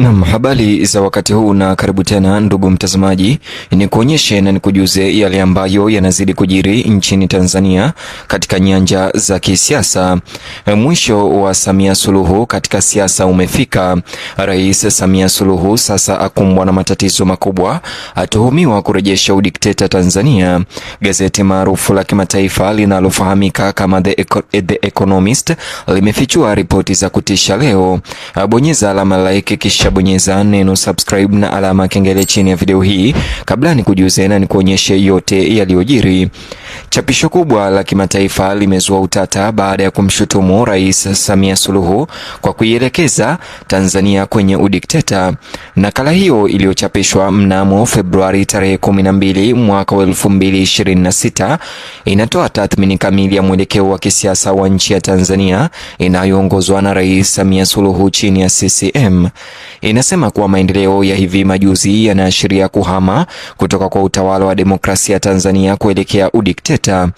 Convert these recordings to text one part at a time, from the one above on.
Nam, habari za wakati huu na karibu tena ndugu mtazamaji, ni kuonyeshe na nikujuze yale ambayo yanazidi kujiri nchini Tanzania katika nyanja za kisiasa. Eh, mwisho wa Samia Suluhu katika siasa umefika. Rais Samia Suluhu sasa akumbwa na matatizo makubwa, atuhumiwa kurejesha udikteta Tanzania. Gazeti maarufu la kimataifa linalofahamika kama The, Eco The Economist limefichua ripoti za kutisha leo. abonyeza eh, alama like kisha utabonyeza neno subscribe na alama ya kengele chini ya video hii, kabla ni kujuze na nikuonyeshe yote yaliyojiri. Chapisho kubwa la kimataifa limezua utata baada ya kumshutumu Rais Samia Suluhu kwa kuielekeza Tanzania kwenye udikteta. Nakala hiyo iliyochapishwa mnamo Februari tarehe 12 mwaka 2026 inatoa tathmini kamili ya mwelekeo wa kisiasa wa nchi ya Tanzania inayoongozwa na Rais Samia Suluhu chini ya CCM inasema kuwa maendeleo ya hivi majuzi yanaashiria kuhama kutoka kwa utawala wa demokrasia Tanzania kuelekea udikteta.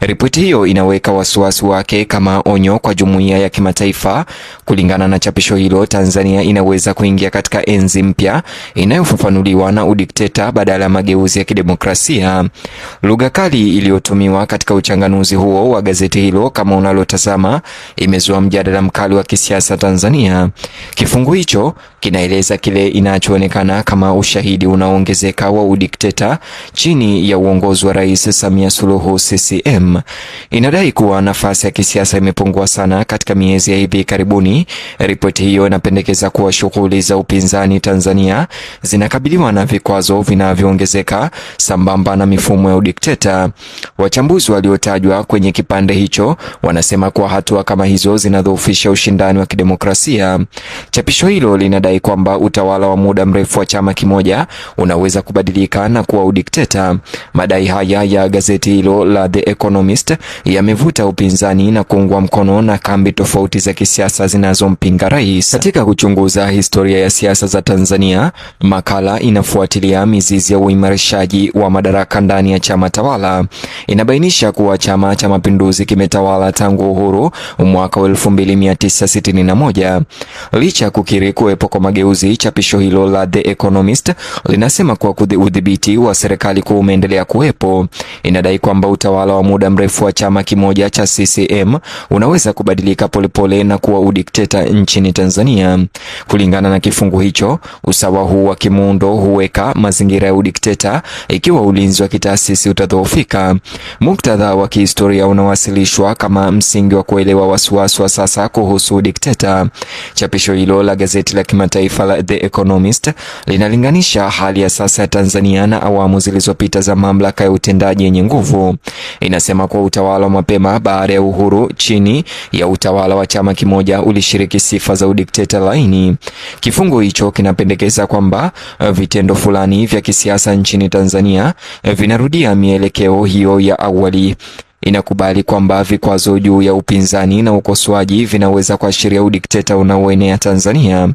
Ripoti hiyo inaweka wasiwasi wake kama onyo kwa jumuiya ya kimataifa. Kulingana na chapisho hilo, Tanzania inaweza kuingia katika enzi mpya inayofafanuliwa na udikteta badala ya mageuzi ya kidemokrasia. Lugha kali iliyotumiwa katika uchanganuzi huo wa gazeti hilo kama unalotazama imezua mjadala mkali wa kisiasa Tanzania. Kifungu hicho kinaeleza kile inachoonekana kama ushahidi unaoongezeka wa udikteta chini ya uongozi wa Rais Samia Suluhu CCM. Inadai kuwa nafasi ya kisiasa imepungua sana katika miezi ya hivi karibuni. Ripoti hiyo inapendekeza kuwa shughuli za upinzani Tanzania zinakabiliwa na vikwazo vinavyoongezeka sambamba na mifumo ya udikteta. Wachambuzi waliotajwa kwenye kipande hicho wanasema kuwa hatua kama hizo zinadhoofisha ushindani wa kidemokrasia. Chapisho hilo linadai akidai kwamba utawala wa muda mrefu wa chama kimoja unaweza kubadilika na kuwa udikteta. Madai haya ya gazeti hilo la The Economist yamevuta upinzani na kuungwa mkono na kambi tofauti za kisiasa zinazompinga rais. Katika kuchunguza historia ya siasa za Tanzania, makala inafuatilia mizizi ya uimarishaji wa madaraka ndani ya chama tawala. Inabainisha kuwa Chama cha Mapinduzi kimetawala tangu uhuru mwaka 1961 licha ya kukiri kuwepo kwa mageuzi. Chapisho hilo la The Economist linasema kuwa udhibiti wa serikali kuu umeendelea kuwepo. Inadai kwamba utawala wa muda mrefu wa chama kimoja cha CCM unaweza kubadilika polepole na kuwa udikteta nchini Tanzania. Kulingana na kifungu hicho, usawa huu wa kimuundo huweka mazingira ya udikteta ikiwa ulinzi wa kitaasisi utadhoofika. Muktadha wa kihistoria unawasilishwa kama msingi wa kuelewa wasiwasi wa sasa kuhusu udikteta. Chapisho hilo la gazeti la kimataifa taifa la The Economist linalinganisha hali ya sasa ya Tanzania na awamu zilizopita za mamlaka ya utendaji yenye nguvu. Inasema kuwa utawala wa mapema baada ya uhuru chini ya utawala wa chama kimoja ulishiriki sifa za udikteta laini. Kifungu hicho kinapendekeza kwamba eh, vitendo fulani vya kisiasa nchini Tanzania eh, vinarudia mielekeo hiyo ya awali inakubali kwamba vikwazo juu ya upinzani na ukosoaji vinaweza kuashiria udikteta unaoenea Tanzania.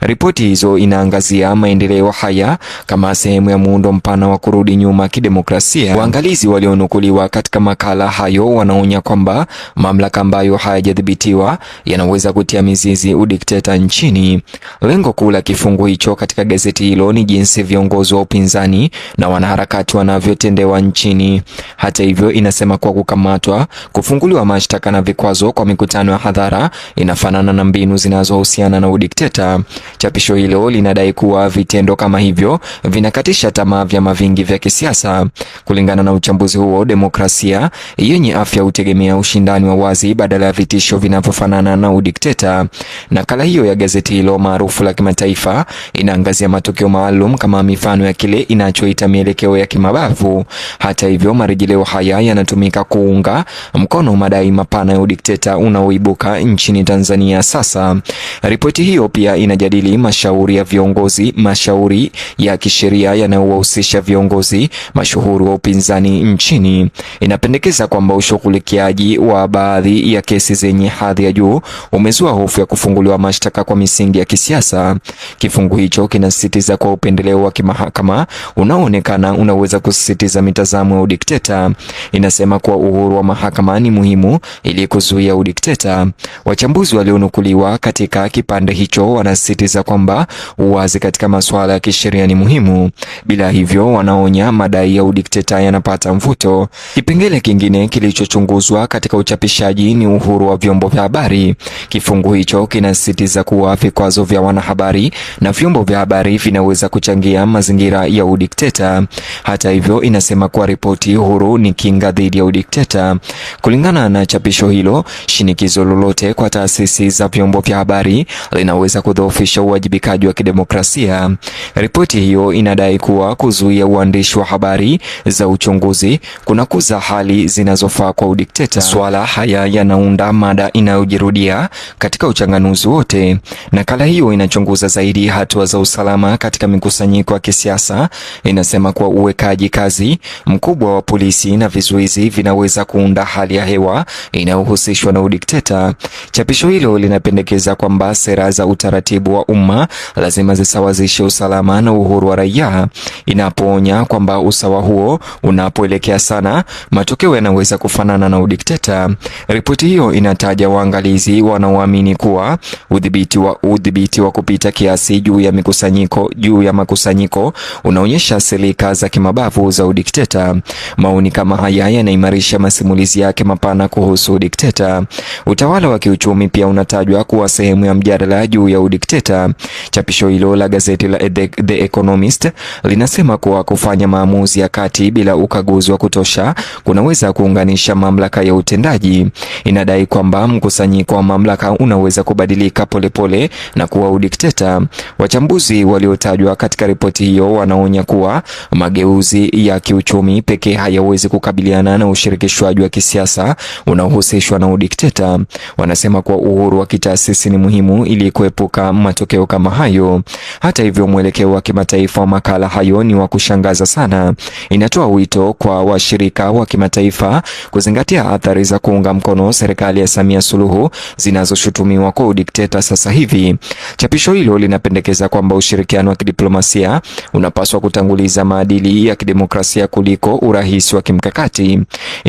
Ripoti hizo inaangazia maendeleo haya kama sehemu ya muundo mpana wa kurudi nyuma kidemokrasia. Waangalizi walionukuliwa katika makala hayo wanaonya kwamba mamlaka ambayo hayajadhibitiwa yanaweza kutia mizizi udikteta nchini. Lengo kuu la kifungu hicho katika gazeti hilo ni jinsi viongozi wa upinzani na wanaharakati wanavyotendewa nchini. Hata hivyo, inasema kwa kukamatwa, kufunguliwa mashtaka na vikwazo kwa mikutano ya hadhara inafanana na mbinu zinazohusiana na udikteta. Chapisho hilo linadai kuwa vitendo kama hivyo vinakatisha tamaa vyama vingi vya kisiasa. Kulingana na uchambuzi huo, demokrasia yenye afya hutegemea ushindani wa wazi badala ya vitisho vinavyofanana na udikteta. Nakala hiyo ya gazeti hilo maarufu la kimataifa inaangazia matukio maalum kama mifano ya kile inachoita mielekeo ya kimabavu. Hata hivyo, marejeleo haya yanatumika ku kuunga mkono madai mapana ya udikteta unaoibuka nchini Tanzania sasa. Ripoti hiyo pia inajadili mashauri ya viongozi, mashauri ya kisheria yanayowahusisha viongozi mashuhuri wa upinzani nchini. Inapendekeza kwamba ushughulikiaji wa baadhi ya kesi zenye hadhi ya juu umezua hofu ya kufunguliwa mashtaka kwa misingi ya kisiasa. Kifungu hicho kinasisitiza kwa upendeleo wa kimahakama unaoonekana unaweza kusisitiza mitazamo ya udikteta. Inasema kuwa uhuru wa mahakamani muhimu ili kuzuia udikteta. Wachambuzi walionukuliwa katika kipande hicho wanasisitiza kwamba uwazi katika masuala ya kisheria ni muhimu. Bila hivyo, wanaonya madai ya udikteta yanapata mvuto. Kipengele kingine kilichochunguzwa katika uchapishaji ni uhuru wa vyombo vya habari. Kifungu hicho kinasisitiza kuwa vikwazo vya wanahabari na vyombo vya habari vinaweza kuchangia mazingira ya udikteta. Hata hivyo, inasema kuwa ripoti huru ni kinga dhidi ya udikteta dikteta. Kulingana na chapisho hilo, shinikizo lolote kwa taasisi za vyombo vya habari linaweza kudhoofisha uwajibikaji wa kidemokrasia. Ripoti hiyo inadai kuwa kuzuia uandishi wa habari za uchunguzi kunakuza hali zinazofaa kwa udikteta. Swala haya yanaunda mada inayojirudia katika uchanganuzi wote. Nakala hiyo inachunguza zaidi hatua za usalama katika mikusanyiko ya kisiasa. Inasema kuwa uwekaji kazi mkubwa wa polisi na vizuizi vinaweza kuweza kuunda hali ya hewa inayohusishwa na udikteta. Chapisho hilo linapendekeza kwamba sera za utaratibu wa umma lazima zisawazishe usalama na uhuru wa raia, inapoonya kwamba usawa huo unapoelekea sana, matokeo yanaweza kufanana na udikteta. Ripoti hiyo inataja waangalizi wanaoamini kuwa udhibiti wa udhibiti wa kupita kiasi juu ya mikusanyiko juu ya makusanyiko unaonyesha silika za kimabavu za udikteta. Maoni kama haya yanaimarisha kukamilisha masimulizi yake mapana kuhusu udikteta. Utawala wa kiuchumi pia unatajwa kuwa sehemu ya mjadala juu ya udikteta. Chapisho hilo la gazeti la The Economist linasema kuwa kufanya maamuzi ya kati bila ukaguzi wa kutosha kunaweza kuunganisha mamlaka ya utendaji. Inadai kwamba mkusanyiko wa mamlaka unaweza kubadilika polepole pole na kuwa udikteta. Wachambuzi waliotajwa katika ripoti hiyo wanaonya kuwa mageuzi ya kiuchumi pekee hayawezi kukabiliana na ushiriki uandikishwaji wa kisiasa unaohusishwa na udikteta. Wanasema kuwa uhuru wa kitaasisi ni muhimu ili kuepuka matokeo kama hayo. Hata hivyo, mwelekeo wa kimataifa wa makala hayo ni wa kushangaza sana. Inatoa wito kwa washirika wa kimataifa kuzingatia athari za kuunga mkono serikali ya Samia Suluhu zinazoshutumiwa kwa udikteta sasa hivi. Chapisho hilo linapendekeza kwamba ushirikiano wa kidiplomasia unapaswa kutanguliza maadili ya kidemokrasia kuliko urahisi wa kimkakati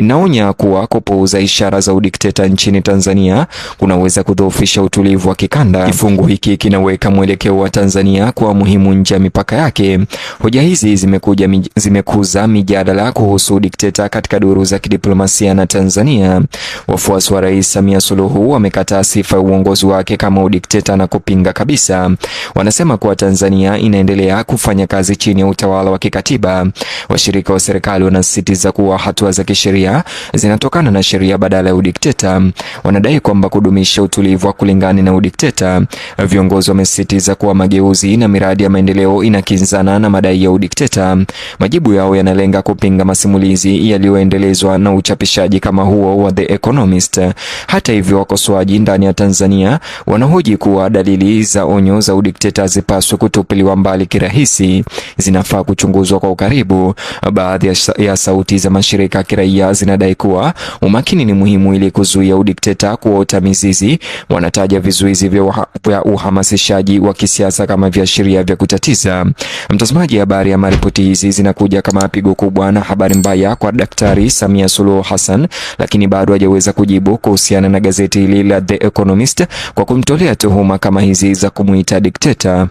inaonya kuwa kupuuza ishara za udikteta nchini Tanzania kunaweza kudhoofisha utulivu wa kikanda. Kifungu hiki kinaweka mwelekeo wa Tanzania kuwa muhimu nje ya mipaka yake. Hoja hizi zimekuja zimekuza mijadala kuhusu udikteta katika duru za kidiplomasia na Tanzania. Wafuasi wa Rais Samia Suluhu wamekataa sifa ya uongozi wake kama udikteta na kupinga kabisa. Wanasema kuwa Tanzania inaendelea kufanya kazi chini ya utawala wa kikatiba. Washirika wa serikali wanasisitiza kuwa hatua za kisheria zinatokana na sheria badala ya udikteta. Wanadai kwamba kudumisha utulivu wa kulingani na udikteta. Viongozi wamesisitiza kuwa mageuzi na miradi ya maendeleo inakinzana na madai ya udikteta. Majibu yao yanalenga kupinga masimulizi yaliyoendelezwa na uchapishaji kama huo wa The Economist. Hata hivyo, wakosoaji ndani ya Tanzania wanahoji kuwa dalili za onyo za udikteta hazipaswi kutupiliwa mbali kirahisi, zinafaa kuchunguzwa kwa ukaribu. Baadhi ya sauti za mashirika ya kiraia zinadai kuwa umakini ni muhimu ili kuzuia udikteta kuota mizizi. Wanataja vizuizi vya uhamasishaji wa kisiasa kama viashiria vya kutatiza. Mtazamaji, habari ama ripoti hizi zinakuja kama pigo kubwa na habari mbaya kwa Daktari Samia Suluhu Hassan, lakini bado hajaweza kujibu kuhusiana na gazeti hili la The Economist kwa kumtolea tuhuma kama hizi za kumuita dikteta.